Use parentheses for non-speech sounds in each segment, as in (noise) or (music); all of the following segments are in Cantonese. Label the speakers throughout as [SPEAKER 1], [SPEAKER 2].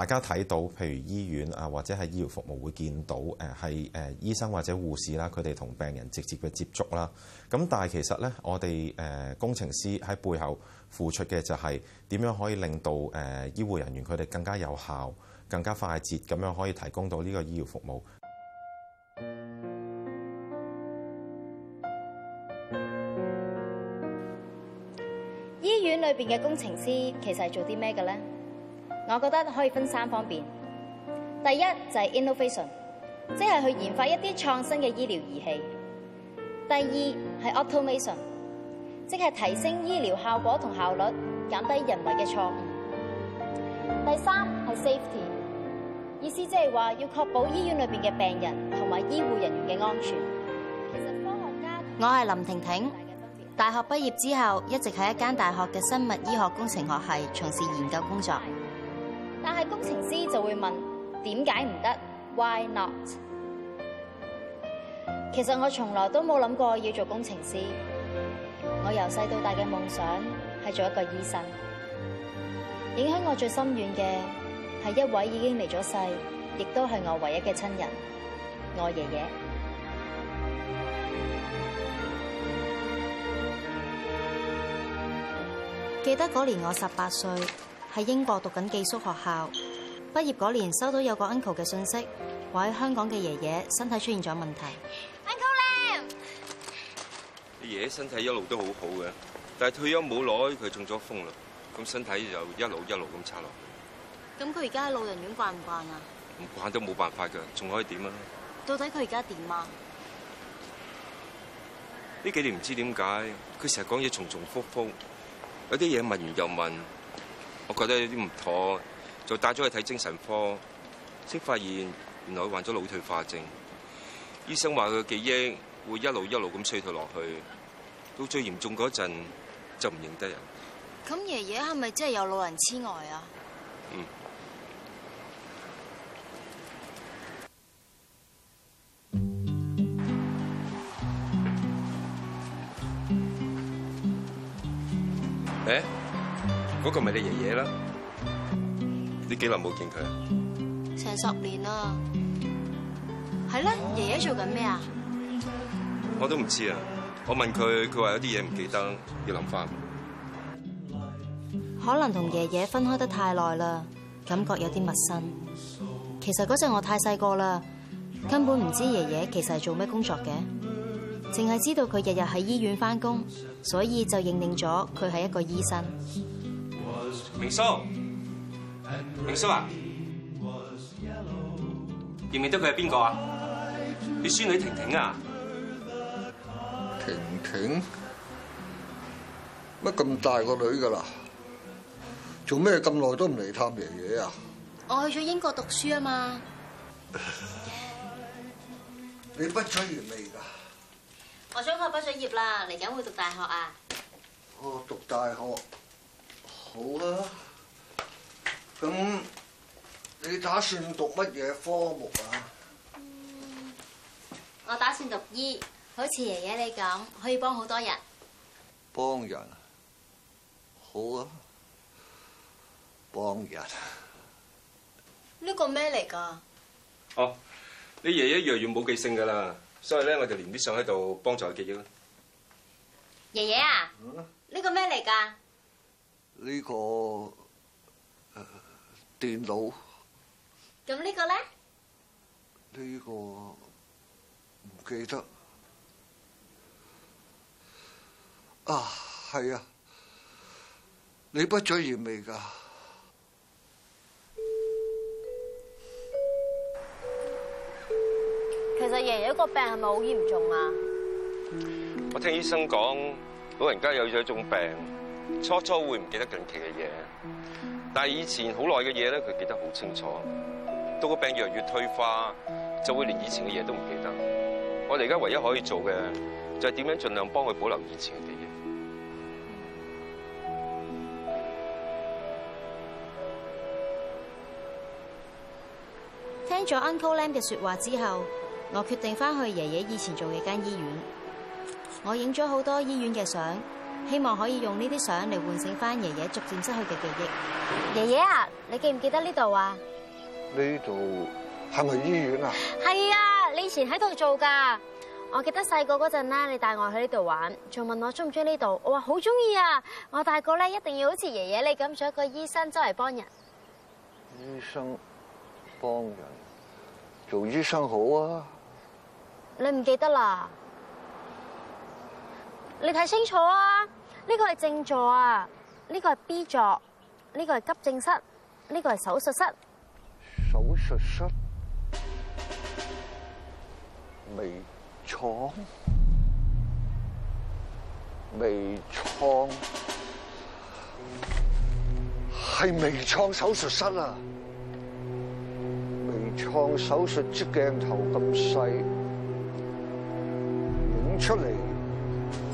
[SPEAKER 1] 大家睇到，譬如醫院啊，或者係醫療服務會見到，誒係誒醫生或者護士啦，佢哋同病人直接嘅接觸啦。咁但係其實呢，我哋誒工程師喺背後付出嘅就係點樣可以令到誒醫護人員佢哋更加有效、更加快捷，咁樣可以提供到呢個醫療服務。
[SPEAKER 2] 醫院裏邊嘅工程師其實係做啲咩嘅呢？我覺得可以分三方面。第一就係 innovation，即係去研發一啲創新嘅醫療儀器；第二係 automation，即係提升醫療效果同效率，減低人為嘅錯誤；第三係 safety，意思即係話要確保醫院裏面嘅病人同埋醫護人員嘅安全。其實科學家，我係林婷婷，大學畢業之後一直喺一間大學嘅生物醫學工程學系從事研究工作。工程師就會問點解唔得？Why not？其實我從來都冇諗過要做工程師。我由細到大嘅夢想係做一個醫生。影響我最深遠嘅係一位已經離咗世，亦都係我唯一嘅親人，我爺爺。記得嗰年我十八歲，喺英國讀緊寄宿學校。畢業嗰年收到有一個 uncle 嘅信息，話喺香港嘅爺爺身體出現咗問題。Uncle 咧，
[SPEAKER 3] 啲爺爺身體一路都好好嘅，但係退休冇耐，佢中咗風啦，咁身體就一路一路咁差落。
[SPEAKER 2] 咁佢而家喺老人院慣唔慣啊？
[SPEAKER 3] 唔慣都冇辦法噶，仲可以點啊？
[SPEAKER 2] 到底佢而家點啊？
[SPEAKER 3] 呢幾年唔知點解，佢成日講嘢重重複复，有啲嘢問完又問，我覺得有啲唔妥。就帶咗去睇精神科，先發現原來患咗腦退化症。醫生話佢嘅記憶會一路一路咁衰退落去，到最嚴重嗰陣就唔認得人。
[SPEAKER 2] 咁爺爺係咪真係有老人痴呆啊？嗯。
[SPEAKER 3] 誒，嗰個咪你爺爺啦。你幾耐冇見佢啊？
[SPEAKER 2] 成十年啦，係咧，爺爺做緊咩啊？
[SPEAKER 3] 我都唔知啊！我問佢，佢話有啲嘢唔記得，要諗翻。
[SPEAKER 2] 可能同爺爺分開得太耐啦，感覺有啲陌生。其實嗰陣我太細個啦，根本唔知爺爺其實係做咩工作嘅，淨係知道佢日日喺醫院翻工，所以就認定咗佢係一個醫生。
[SPEAKER 3] 明叔。明叔啊，認唔認得佢係邊個啊？你孫女婷婷啊。
[SPEAKER 4] 婷婷乜咁大個女噶啦？做咩咁耐都唔嚟探爺爺啊？
[SPEAKER 2] 我去咗英國讀書啊嘛。
[SPEAKER 4] 你畢咗業未噶。
[SPEAKER 2] 我想我畢咗業啦，嚟緊會讀大
[SPEAKER 4] 學啊。我讀大學，好啦，啊。咁你打算讀乜嘢科目啊、
[SPEAKER 2] 嗯？我打算讀醫，好似爺爺你咁，可以幫好多人。
[SPEAKER 4] 幫人，好啊！
[SPEAKER 3] 幫人。
[SPEAKER 2] 呢個咩嚟噶？
[SPEAKER 3] 哦、啊，你爺爺越來越冇記性噶啦，所以咧我就連啲相喺度幫助佢記憶啦。
[SPEAKER 2] 爺爺啊，呢個咩嚟噶？呢、
[SPEAKER 3] 這個。
[SPEAKER 4] 電腦？
[SPEAKER 2] 咁呢個咧？
[SPEAKER 4] 呢個唔記得啊，係啊，你畢咗業未㗎。其
[SPEAKER 2] 實爺爺個病係咪好嚴重
[SPEAKER 3] 啊？我聽醫生講，老人家有咗一種病，初初會唔記得近期嘅嘢。但係以前好耐嘅嘢咧，佢記得好清楚。到個病越嚟越退化，就會連以前嘅嘢都唔記得。我哋而家唯一可以做嘅，就係點樣盡量幫佢保留以前嘅記憶。
[SPEAKER 2] 聽咗 Uncle Lam 嘅說話之後，我決定翻去爺爺以前做嘅間醫院。我影咗好多醫院嘅相。希望可以用呢啲相嚟喚醒翻爺爺逐漸失去嘅記憶。爺爺啊，你記唔記得呢度啊？
[SPEAKER 4] 呢度係咪醫院啊？
[SPEAKER 5] 係
[SPEAKER 2] 啊，你以前喺度做噶。我記得細個嗰陣咧，你帶我去呢度玩，仲問我中唔中意呢度。我話好中意啊！我大個咧一定要好似爺爺你咁做一個醫生，周圍幫人。
[SPEAKER 4] 醫生幫人，做醫生好啊！
[SPEAKER 2] 你唔記得啦？你睇清楚啊！呢個係正座啊，呢個係 B 座，呢個係急症室，呢個係手術室。
[SPEAKER 4] 手術室，微創，微創，係微創手術室啊！微創手術，即鏡頭咁細，影出嚟，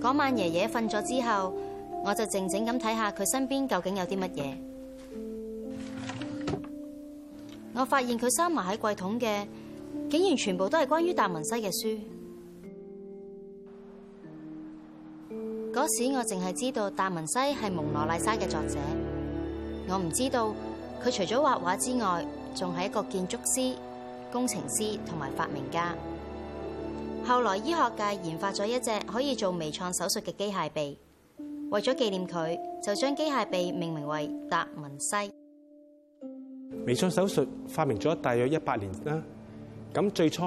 [SPEAKER 2] 嗰晚，爺爺瞓咗之後，我就靜靜咁睇下佢身邊究竟有啲乜嘢。我發現佢收埋喺櫃桶嘅，竟然全部都係關於達文西嘅書。嗰時我淨係知道達文西係蒙羅麗莎嘅作者，我唔知道佢除咗畫畫之外，仲係一個建築師、工程師同埋發明家。後來醫學界研發咗一隻可以做微創手術嘅機械臂，為咗紀念佢，就將機械臂命名為達文西。
[SPEAKER 5] 微創手術發明咗大約一百年啦。咁最初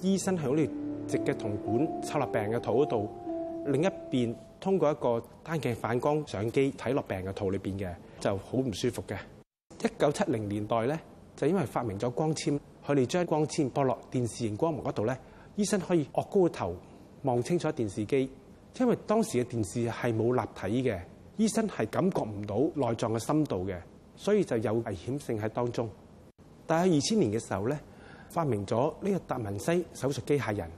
[SPEAKER 5] 醫生係用條直嘅銅管插落病嘅肚嗰度，另一邊通過一個單鏡反光相機睇落病嘅肚裏邊嘅，就好唔舒服嘅。一九七零年代咧，就因為發明咗光纖，佢哋將光纖播落電視熒光幕嗰度咧。醫生可以擱高個頭望清楚電視機，因為當時嘅電視係冇立體嘅，醫生係感覺唔到內臟嘅深度嘅，所以就有危險性喺當中。但係二千年嘅時候咧，發明咗呢個達文西手術機械人，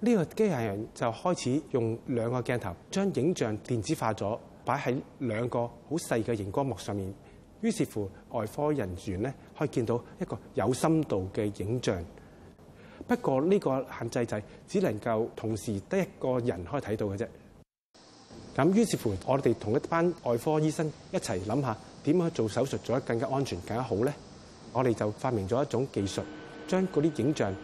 [SPEAKER 5] 呢個機械人就開始用兩個鏡頭將影像電子化咗，擺喺兩個好細嘅熒光幕上面，於是乎外科人員咧可以見到一個有深度嘅影像。不過呢個限制就係只能夠同時得一個人可以睇到嘅啫。咁於是乎，我哋同一班外科醫生一齊諗下點樣做手術做得更加安全、更加好咧？我哋就發明咗一種技術，將嗰啲影像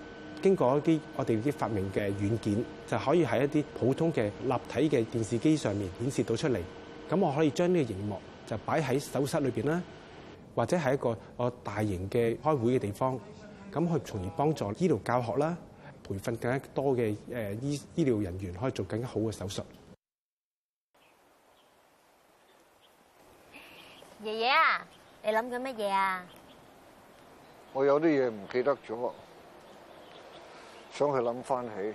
[SPEAKER 5] 經過一啲我哋啲發明嘅軟件，就可以喺一啲普通嘅立體嘅電視機上面顯示到出嚟。咁我可以將呢個熒幕就擺喺手術室裏面啦，或者係一個我大型嘅開會嘅地方。咁去從而幫助醫療教學啦，培訓更加多嘅誒醫醫療人員可以做更加好嘅手術。
[SPEAKER 2] 爺爺啊，你諗緊乜嘢啊？
[SPEAKER 4] 我有啲嘢唔記得咗，想去諗翻起，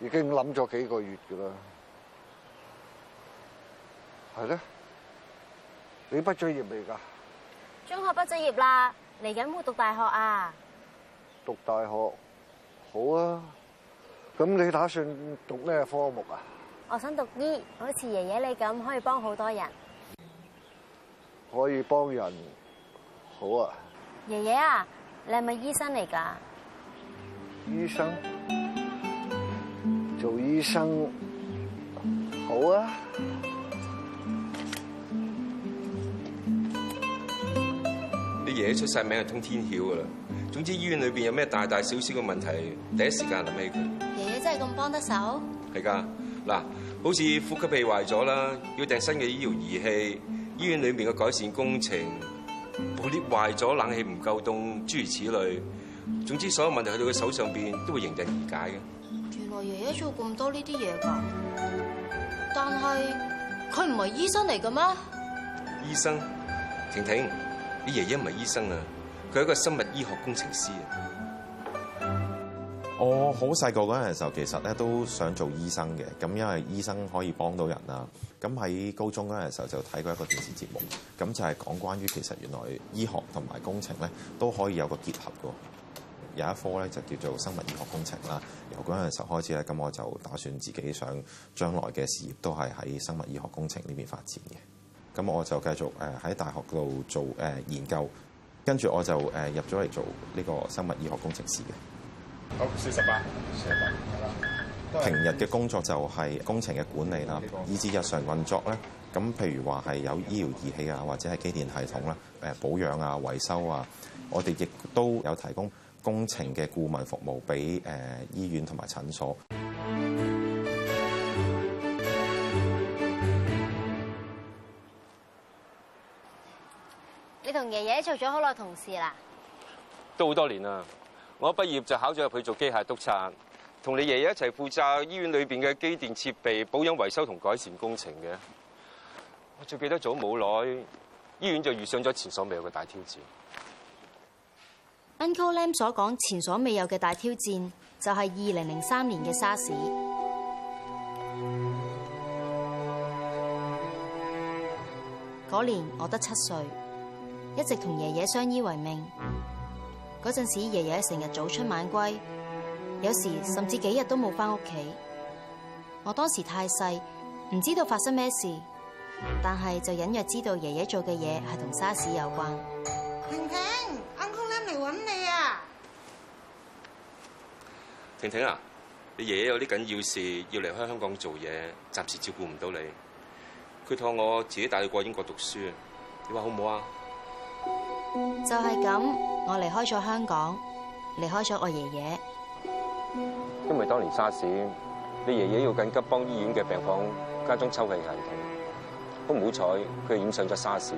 [SPEAKER 4] 已經諗咗幾個月噶啦。係咧，你畢咗業未㗎？
[SPEAKER 2] 中學畢咗業啦。嚟緊會讀大學啊？
[SPEAKER 4] 讀大學好啊！咁你打算讀咩科目啊？
[SPEAKER 2] 我想讀醫，好似爺爺你咁，可以幫好多人。
[SPEAKER 4] 可以幫人，好啊！
[SPEAKER 2] 爺爺啊，你係咪醫生嚟噶？
[SPEAKER 4] 醫生？做醫生？好啊！
[SPEAKER 3] 爺爺出晒名係通天曉噶啦，總之醫院裏邊有咩大大小小嘅問題，第一時間諗起佢。
[SPEAKER 2] 爺爺真係咁幫得手？
[SPEAKER 3] 係噶，嗱，好似呼吸器壞咗啦，要訂新嘅醫療儀器、醫院裏面嘅改善工程、部 lift 壞咗、冷氣唔夠凍，諸如此類，總之所有問題去到佢手上邊都會迎刃而解嘅。
[SPEAKER 2] 原來爺爺做咁多呢啲嘢噶，但係佢唔係醫生嚟嘅咩？
[SPEAKER 3] 醫生，婷婷。你爺爺唔係醫生啊，佢係一個生物醫學工程師啊。
[SPEAKER 1] 我好細個嗰陣時候，其實咧都想做醫生嘅，咁因為醫生可以幫到人啊。咁喺高中嗰陣時候就睇過一個電視節目，咁就係講關於其實原來醫學同埋工程咧都可以有個結合嘅。有一科咧就叫做生物醫學工程啦。由嗰陣時候開始咧，咁我就打算自己想將來嘅事業都係喺生物醫學工程呢邊發展嘅。咁我就繼續喺大學度做，呃、研究，跟住我就，呃、入咗嚟做呢個生物醫學工程師嘅。好四十八，四十八，平日嘅工作就係工程嘅管理啦，以至日常運作咧。咁譬如話係有醫療儀器啊，或者係機電系統啦、呃，保養啊、維修啊，我哋亦都有提供工程嘅顧問服務俾誒，呃、醫院同埋診所。
[SPEAKER 2] 咗好耐同事
[SPEAKER 3] 啦，都好多年啦。我畢業就考咗入去做機械督察，同你爺爺一齊負責醫院裏邊嘅機電設備保養維修同改善工程嘅。我最記得早冇耐，醫院就遇上咗前所未有嘅大挑戰。
[SPEAKER 2] Uncle Lam 所講前所未有嘅大挑戰，就係二零零三年嘅沙士。嗰年我得七歲。一直同爺爺相依為命嗰陣時，爺爺成日早出晚歸，有時甚至幾日都冇返屋企。我當時太細，唔知道發生咩事，但係就隱約知道爺爺做嘅嘢係同沙士有關。
[SPEAKER 6] 婷婷，uncle 嚟搵你啊！
[SPEAKER 3] 婷婷啊，你爺爺有啲緊要事要離開香港做嘢，暫時照顧唔到你，佢託我自己帶你過英國讀書，你話好唔好啊？
[SPEAKER 2] 就係咁，我離開咗香港，離開咗我爺爺。
[SPEAKER 3] 因為當年沙士，你爺爺要緊急幫醫院嘅病房加裝抽氣系統，不過唔好彩，佢染上咗沙士。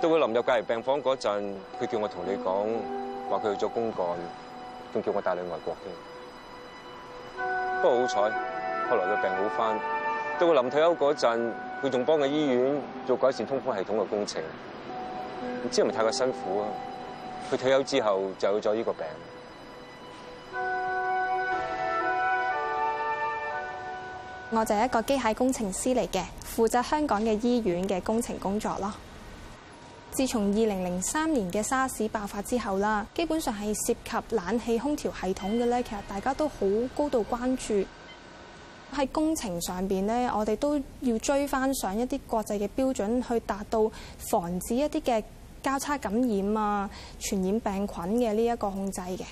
[SPEAKER 3] 到佢臨入隔離病房嗰陣，佢叫我同你講話，佢去咗公幹，仲叫我帶你去外國添。不過好彩，後來佢病好翻，到佢臨退休嗰陣，佢仲幫嘅醫院做改善通風系統嘅工程。唔知係咪太過辛苦啊？佢退休之後就有咗呢個病。
[SPEAKER 6] 我就係一個機械工程師嚟嘅，負責香港嘅醫院嘅工程工作咯。自從二零零三年嘅沙士爆發之後啦，基本上係涉及冷氣空調系統嘅咧，其實大家都好高度關注。喺工程上面呢，我哋都要追翻上一啲國際嘅標準，去達到防止一啲嘅。交叉感染啊，傳染病菌嘅呢一個控制嘅，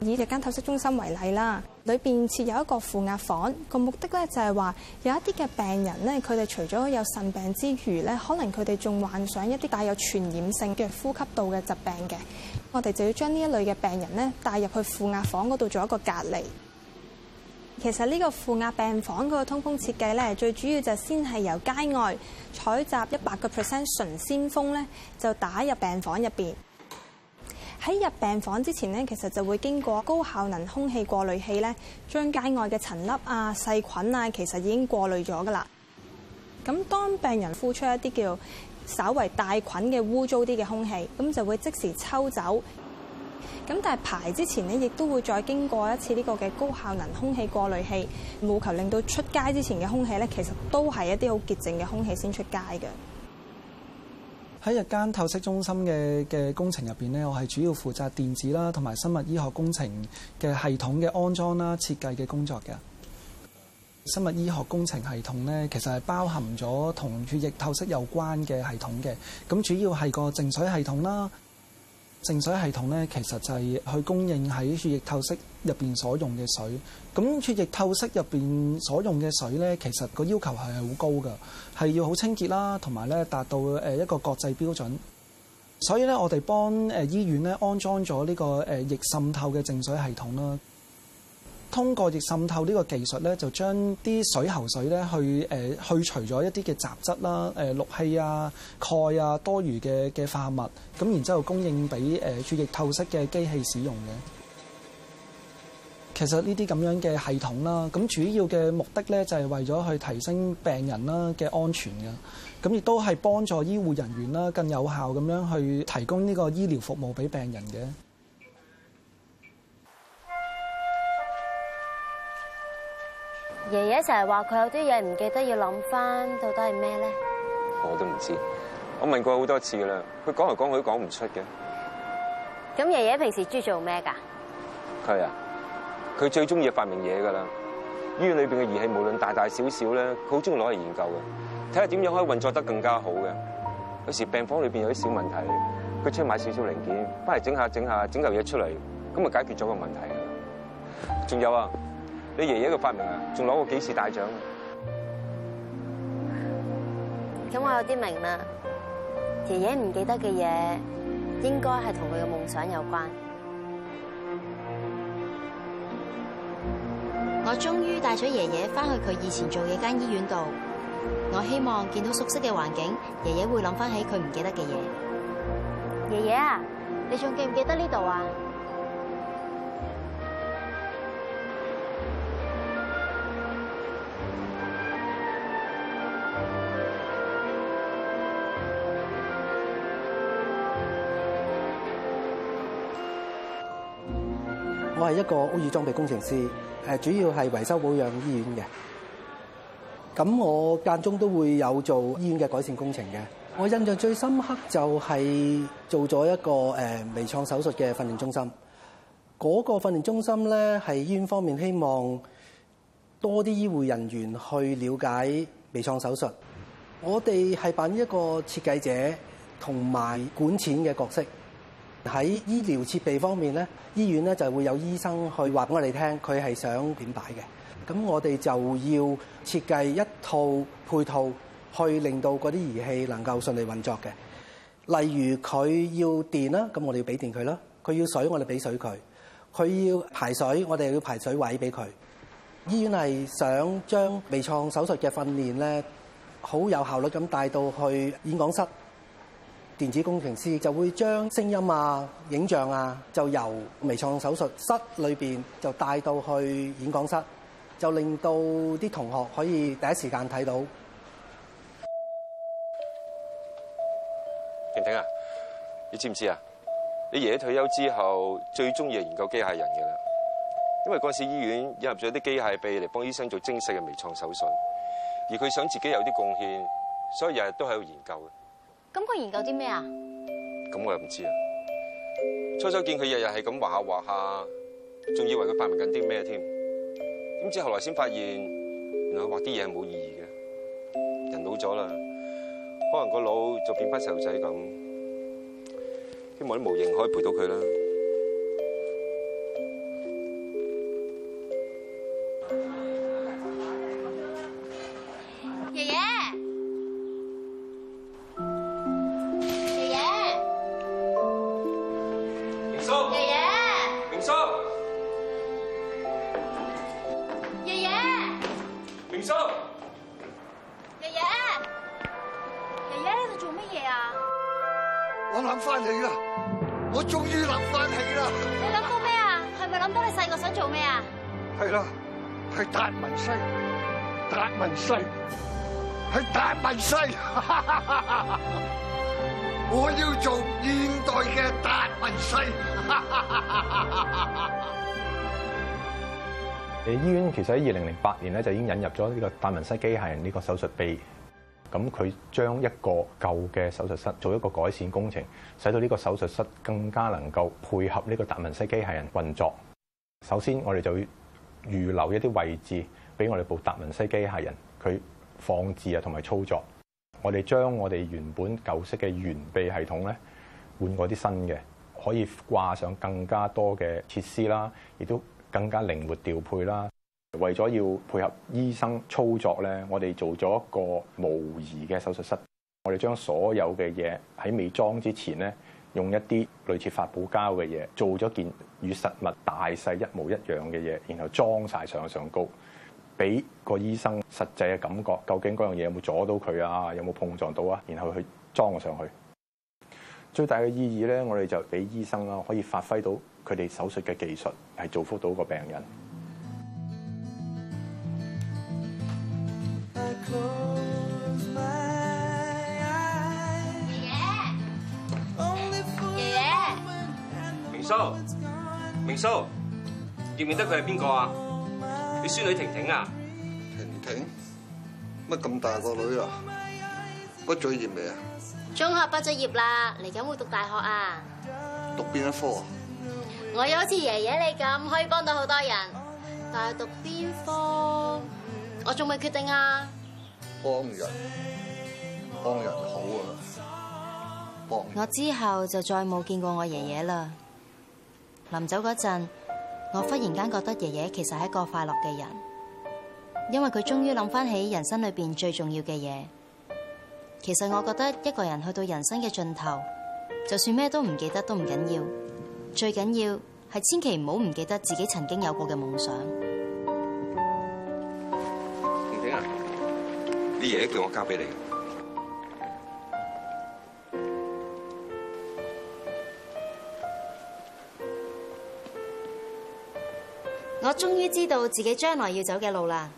[SPEAKER 6] 以日間透析中心為例啦，裏邊設有一個負壓房，個目的咧就係話有一啲嘅病人咧，佢哋除咗有腎病之餘咧，可能佢哋仲患上一啲帶有傳染性嘅呼吸道嘅疾病嘅，我哋就要將呢一類嘅病人咧帶入去負壓房嗰度做一個隔離。其實呢個負壓病房嗰個通風設計咧，最主要就是先係由街外採集一百個 percent 純鮮風咧，就打入病房入邊。喺入病房之前呢，其實就會經過高效能空氣過濾器咧，將街外嘅塵粒啊、細菌啊，其實已經過濾咗噶啦。咁當病人呼出一啲叫稍為帶菌嘅污糟啲嘅空氣，咁就會即時抽走。咁但係排之前呢，亦都會再經過一次呢個嘅高效能空氣過濾器，務求令到出街之前嘅空氣呢，其實都係一啲好潔淨嘅空氣先出街嘅。
[SPEAKER 7] 喺日間透析中心嘅嘅工程入邊呢，我係主要負責電子啦，同埋生物醫學工程嘅系統嘅安裝啦、設計嘅工作嘅。生物醫學工程系統呢，其實係包含咗同血液透析有關嘅系統嘅。咁主要係個淨水系統啦。淨水系統咧，其實就係去供應喺血液透析入邊所用嘅水。咁血液透析入邊所用嘅水咧，其實個要求係好高㗎，係要好清潔啦，同埋咧達到誒一個國際標準。所以咧，我哋幫誒醫院咧安裝咗呢個誒液滲透嘅淨水系統啦。通過逆滲透呢個技術咧，就將啲水喉水咧去誒去除咗一啲嘅雜質啦、誒氯氣啊、鈣啊、多餘嘅嘅化物，咁然之後供應俾誒血液透析嘅機器使用嘅。其實呢啲咁樣嘅系統啦，咁主要嘅目的咧就係為咗去提升病人啦嘅安全嘅，咁亦都係幫助醫護人員啦更有效咁樣去提供呢個醫療服務俾病人嘅。
[SPEAKER 2] 爺爺成日話佢有啲嘢唔記得要諗翻，到底係咩咧？
[SPEAKER 3] 我都唔知，我問過好多次噶啦，佢講嚟講去都講唔出嘅。
[SPEAKER 2] 咁爺爺平時中意做咩
[SPEAKER 3] 噶？佢啊，佢最中意係發明嘢噶啦。醫院裏邊嘅儀器無論大大小小咧，佢好中意攞嚟研究嘅，睇下點樣可以運作得更加好嘅。有時病房裏邊有啲小問題，佢出去買少少零件，翻嚟整下整下整嚿嘢出嚟，咁就解決咗個問題噶。仲有啊。你爺爺嘅發明啊，仲攞過幾次大獎。
[SPEAKER 2] 咁我有啲明啦，爺爺唔記得嘅嘢，應該係同佢嘅夢想有關。我終於帶咗爺爺翻去佢以前做嘢間醫院度，我希望見到熟悉嘅環境，爺爺會諗翻起佢唔記得嘅嘢。爺爺啊，你仲記唔記得呢度啊？
[SPEAKER 8] 我係一個屋宇裝備工程師，誒主要係維修保養醫院嘅。咁我間中都會有做醫院嘅改善工程嘅。我印象最深刻就係做咗一個誒微創手術嘅訓練中心。嗰個訓練中心咧係醫院方面希望多啲醫護人員去了解微創手術。我哋係扮一個設計者同埋管錢嘅角色。喺醫療設備方面咧，醫院咧就會有醫生去話俾我哋聽，佢係想點擺嘅。咁我哋就要設計一套配套，去令到嗰啲儀器能夠順利運作嘅。例如佢要電啦，咁我哋要俾電佢啦。佢要水，我哋俾水佢。佢要排水，我哋要排水位俾佢。醫院係想將微創手術嘅訓練咧，好有效率咁帶到去演講室。電子工程師就會將聲音啊、影像啊，就由微創手術室裏面就帶到去演講室，就令到啲同學可以第一時間睇到。
[SPEAKER 3] 婷婷啊，你知唔知啊？你爺爺退休之後最鍾意研究機械人嘅啦，因為嗰陣時醫院引入咗啲機械臂嚟幫醫生做精細嘅微創手術，而佢想自己有啲貢獻，所以日日都喺度研究嘅。
[SPEAKER 2] 咁佢研
[SPEAKER 3] 究啲咩啊？咁我又唔知啊。
[SPEAKER 2] 初
[SPEAKER 3] 初見佢日日係咁畫下畫下，
[SPEAKER 2] 仲以為佢發
[SPEAKER 3] 明緊啲咩添？點知後來先發現，原來畫啲嘢係冇意義嘅。人老咗啦，可能個腦就變翻細路仔咁。希望啲模型可以陪到佢啦。
[SPEAKER 4] 世係達文西， (laughs) 我要做現代嘅達文西。
[SPEAKER 9] 誒， (laughs) 醫院其實喺二零零八年咧就已經引入咗呢個達文西機械人呢個手術臂，咁佢將一個舊嘅手術室做一個改善工程，使到呢個手術室更加能夠配合呢個達文西機械人運作。首先，我哋就要預留一啲位置俾我哋部達文西機械人。佢放置啊，同埋操作，我哋將我哋原本舊式嘅懸臂系統咧，換過啲新嘅，可以掛上更加多嘅設施啦，亦都更加靈活調配啦。為咗要配合醫生操作咧，我哋做咗一個模擬嘅手術室，我哋將所有嘅嘢喺未裝之前咧，用一啲類似發泡膠嘅嘢做咗件與實物大細一模一樣嘅嘢，然後裝晒上上高。俾個醫生實際嘅感覺，究竟嗰樣嘢有冇阻到佢啊？有冇碰撞到啊？然後去裝佢上去。最大嘅意義咧，我哋就俾醫生啦，可以發揮到佢哋手術嘅技術，係造福到個病
[SPEAKER 7] 人。爺爺，爺爺，
[SPEAKER 3] 明叔，明叔，認唔得佢係邊個啊？孫女婷婷啊，婷婷，乜咁
[SPEAKER 4] 大個女啊？畢咗業未啊？
[SPEAKER 2] 中學畢咗業啦，嚟緊會讀大學啊？
[SPEAKER 4] 讀邊一科啊？
[SPEAKER 2] 我又好似爺爺你咁，可以幫到好多人。但係讀邊科？我仲未決定啊。
[SPEAKER 4] 幫人，幫人好啊。
[SPEAKER 2] 幫。我之後就再冇見過我爺爺啦。臨走嗰陣。我忽然間覺得爺爺其實係一個快樂嘅人，因為佢終於諗翻起人生裡面最重要嘅嘢。其實我覺得一個人去到人生嘅盡頭，就算咩都唔記得都唔緊要，最緊要係千祈唔好唔記得自己曾經有過嘅夢想。
[SPEAKER 3] 婷婷啊，你爺爺叫我交俾你。
[SPEAKER 2] 終於知道自己將來要走嘅路啦。